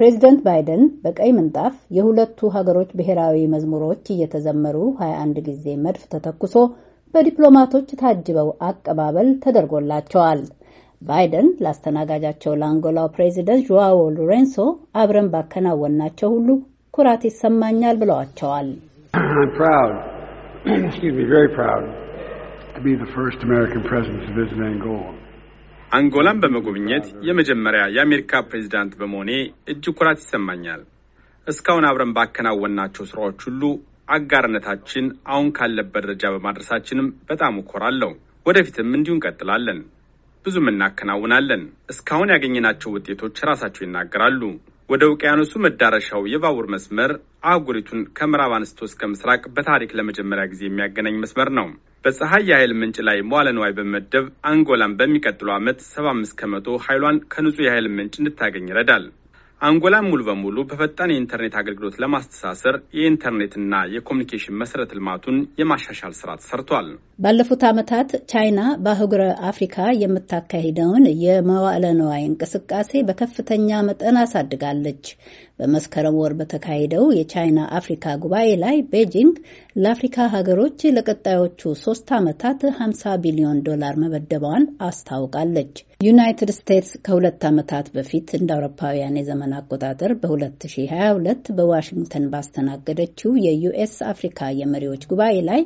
ፕሬዚደንት ባይደን በቀይ ምንጣፍ የሁለቱ ሀገሮች ብሔራዊ መዝሙሮች እየተዘመሩ 21 ጊዜ መድፍ ተተኩሶ በዲፕሎማቶች ታጅበው አቀባበል ተደርጎላቸዋል። ባይደን ላስተናጋጃቸው ለአንጎላው ፕሬዚደንት ዡዋዎ ሎሬንሶ አብረን ባከናወናቸው ሁሉ ኩራት ይሰማኛል ብለዋቸዋል። አንጎላን በመጎብኘት የመጀመሪያ የአሜሪካ ፕሬዚዳንት በመሆኔ እጅግ ኩራት ይሰማኛል። እስካሁን አብረን ባከናወናቸው ስራዎች ሁሉ አጋርነታችን አሁን ካለበት ደረጃ በማድረሳችንም በጣም እኮራለሁ። ወደፊትም እንዲሁ እንቀጥላለን። ብዙም እናከናውናለን። እስካሁን ያገኘናቸው ውጤቶች ራሳቸው ይናገራሉ። ወደ ውቅያኖሱ መዳረሻው የባቡር መስመር አህጉሪቱን ከምዕራብ አንስቶ እስከ ምስራቅ በታሪክ ለመጀመሪያ ጊዜ የሚያገናኝ መስመር ነው። በፀሐይ የኃይል ምንጭ ላይ መዋለ ንዋይ በመመደብ አንጎላን በሚቀጥለው ዓመት 75 ከመቶ ኃይሏን ከንጹህ የኃይል ምንጭ እንድታገኝ ይረዳል። አንጎላ ሙሉ በሙሉ በፈጣን የኢንተርኔት አገልግሎት ለማስተሳሰር የኢንተርኔትና የኮሚኒኬሽን መሰረተ ልማቱን የማሻሻል ስራ ተሰርቷል። ባለፉት ዓመታት ቻይና በአህጉረ አፍሪካ የምታካሂደውን የመዋዕለ ነዋይ እንቅስቃሴ በከፍተኛ መጠን አሳድጋለች። በመስከረም ወር በተካሄደው የቻይና አፍሪካ ጉባኤ ላይ ቤጂንግ ለአፍሪካ ሀገሮች ለቀጣዮቹ ሶስት ዓመታት 50 ቢሊዮን ዶላር መመደቧን አስታውቃለች። ዩናይትድ ስቴትስ ከሁለት ዓመታት በፊት እንደ አውሮፓውያን የዘመን አቆጣጠር በ2022 በዋሽንግተን ባስተናገደችው የዩኤስ አፍሪካ የመሪዎች ጉባኤ ላይ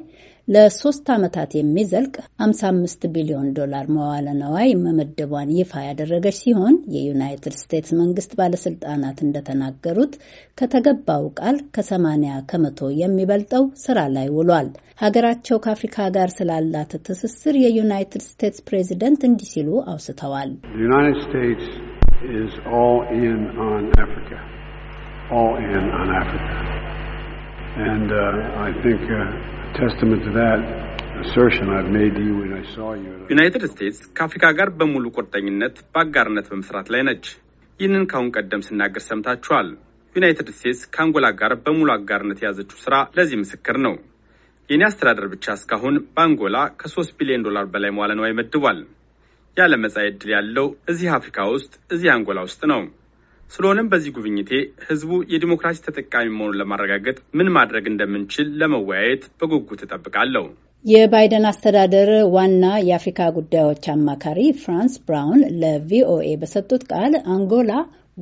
ለሶስት ዓመታት የሚዘልቅ 55 ቢሊዮን ዶላር መዋለ ነዋይ መመደቧን ይፋ ያደረገች ሲሆን የዩናይትድ ስቴትስ መንግስት ባለስልጣናት እንደተናገሩት ከተገባው ቃል ከ80 ከመቶ የሚበልጠው ስራ ላይ ውሏል። ሀገራቸው ከአፍሪካ ጋር ስላላት ትስስር የዩናይትድ ስቴትስ ፕሬዚደንት እንዲህ ሲሉ አውስተዋል። ዩናይትድ ዩናይትድ ስቴትስ ከአፍሪካ ጋር በሙሉ ቁርጠኝነት በአጋርነት በመስራት ላይ ነች። ይህንን ከአሁን ቀደም ስናገር ሰምታችኋል። ዩናይትድ ስቴትስ ከአንጎላ ጋር በሙሉ አጋርነት የያዘችው ስራ ለዚህ ምስክር ነው። የእኔ አስተዳደር ብቻ እስካሁን በአንጎላ ከሶስት ቢሊዮን ዶላር በላይ መዋለ ንዋይ መድቧል። ያለ መጻኢ ዕድል ያለው እዚህ አፍሪካ ውስጥ እዚህ አንጎላ ውስጥ ነው። ስለሆነም በዚህ ጉብኝቴ ህዝቡ የዲሞክራሲ ተጠቃሚ መሆኑን ለማረጋገጥ ምን ማድረግ እንደምንችል ለመወያየት በጉጉት እጠብቃለሁ። የባይደን አስተዳደር ዋና የአፍሪካ ጉዳዮች አማካሪ ፍራንስ ብራውን ለቪኦኤ በሰጡት ቃል አንጎላ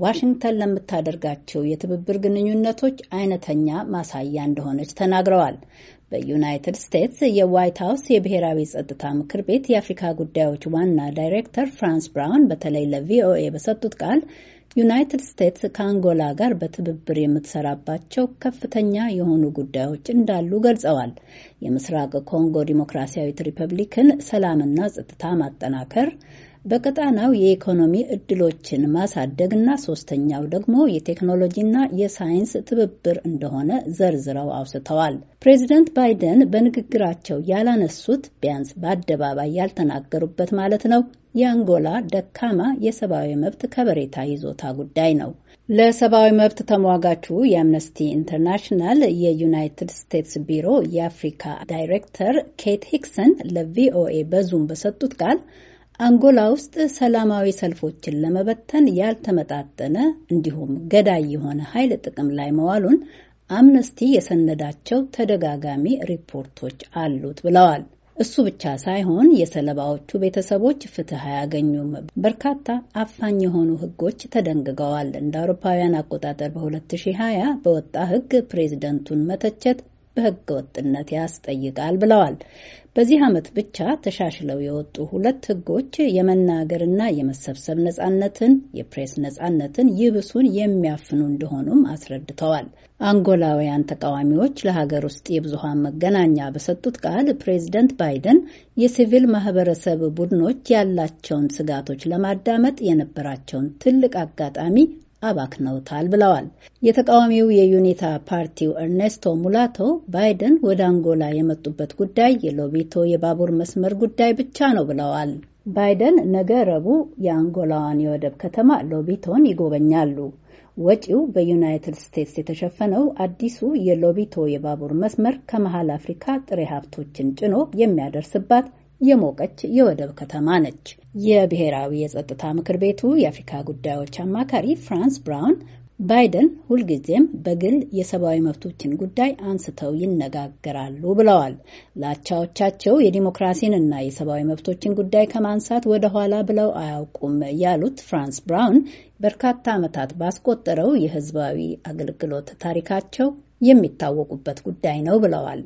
ዋሽንግተን ለምታደርጋቸው የትብብር ግንኙነቶች አይነተኛ ማሳያ እንደሆነች ተናግረዋል። በዩናይትድ ስቴትስ የዋይት ሀውስ የብሔራዊ ጸጥታ ምክር ቤት የአፍሪካ ጉዳዮች ዋና ዳይሬክተር ፍራንስ ብራውን በተለይ ለቪኦኤ በሰጡት ቃል ዩናይትድ ስቴትስ ከአንጎላ ጋር በትብብር የምትሰራባቸው ከፍተኛ የሆኑ ጉዳዮች እንዳሉ ገልጸዋል። የምስራቅ ኮንጎ ዲሞክራሲያዊት ሪፐብሊክን ሰላምና ጸጥታ ማጠናከር፣ በቀጣናው የኢኮኖሚ እድሎችን ማሳደግና ሶስተኛው ደግሞ የቴክኖሎጂና የሳይንስ ትብብር እንደሆነ ዘርዝረው አውስተዋል። ፕሬዚደንት ባይደን በንግግራቸው ያላነሱት ቢያንስ በአደባባይ ያልተናገሩበት ማለት ነው የአንጎላ ደካማ የሰብአዊ መብት ከበሬታ ይዞታ ጉዳይ ነው። ለሰብአዊ መብት ተሟጋቹ የአምነስቲ ኢንተርናሽናል የዩናይትድ ስቴትስ ቢሮ የአፍሪካ ዳይሬክተር ኬት ሂክሰን ለቪኦኤ በዙም በሰጡት ቃል አንጎላ ውስጥ ሰላማዊ ሰልፎችን ለመበተን ያልተመጣጠነ እንዲሁም ገዳይ የሆነ ኃይል ጥቅም ላይ መዋሉን አምነስቲ የሰነዳቸው ተደጋጋሚ ሪፖርቶች አሉት ብለዋል። እሱ ብቻ ሳይሆን የሰለባዎቹ ቤተሰቦች ፍትህ አያገኙም። በርካታ አፋኝ የሆኑ ህጎች ተደንግገዋል። እንደ አውሮፓውያን አቆጣጠር በ2020 በወጣ ህግ ፕሬዝደንቱን መተቸት በህገ ወጥነት ያስጠይቃል ብለዋል። በዚህ ዓመት ብቻ ተሻሽለው የወጡ ሁለት ህጎች የመናገርና የመሰብሰብ ነጻነትን፣ የፕሬስ ነጻነትን ይብሱን የሚያፍኑ እንደሆኑም አስረድተዋል። አንጎላውያን ተቃዋሚዎች ለሀገር ውስጥ የብዙሀን መገናኛ በሰጡት ቃል ፕሬዝደንት ባይደን የሲቪል ማህበረሰብ ቡድኖች ያላቸውን ስጋቶች ለማዳመጥ የነበራቸውን ትልቅ አጋጣሚ አባክነውታል ብለዋል። የተቃዋሚው የዩኒታ ፓርቲው ኤርኔስቶ ሙላቶ ባይደን ወደ አንጎላ የመጡበት ጉዳይ የሎቢቶ የባቡር መስመር ጉዳይ ብቻ ነው ብለዋል። ባይደን ነገ ረቡዕ የአንጎላዋን የወደብ ከተማ ሎቢቶን ይጎበኛሉ። ወጪው በዩናይትድ ስቴትስ የተሸፈነው አዲሱ የሎቢቶ የባቡር መስመር ከመሀል አፍሪካ ጥሬ ሀብቶችን ጭኖ የሚያደርስባት የሞቀች የወደብ ከተማ ነች። የብሔራዊ የጸጥታ ምክር ቤቱ የአፍሪካ ጉዳዮች አማካሪ ፍራንስ ብራውን ባይደን ሁልጊዜም በግል የሰብአዊ መብቶችን ጉዳይ አንስተው ይነጋገራሉ ብለዋል። ላቻዎቻቸው የዲሞክራሲንና የሰብአዊ መብቶችን ጉዳይ ከማንሳት ወደኋላ ብለው አያውቁም ያሉት ፍራንስ ብራውን በርካታ ዓመታት ባስቆጠረው የሕዝባዊ አገልግሎት ታሪካቸው የሚታወቁበት ጉዳይ ነው ብለዋል።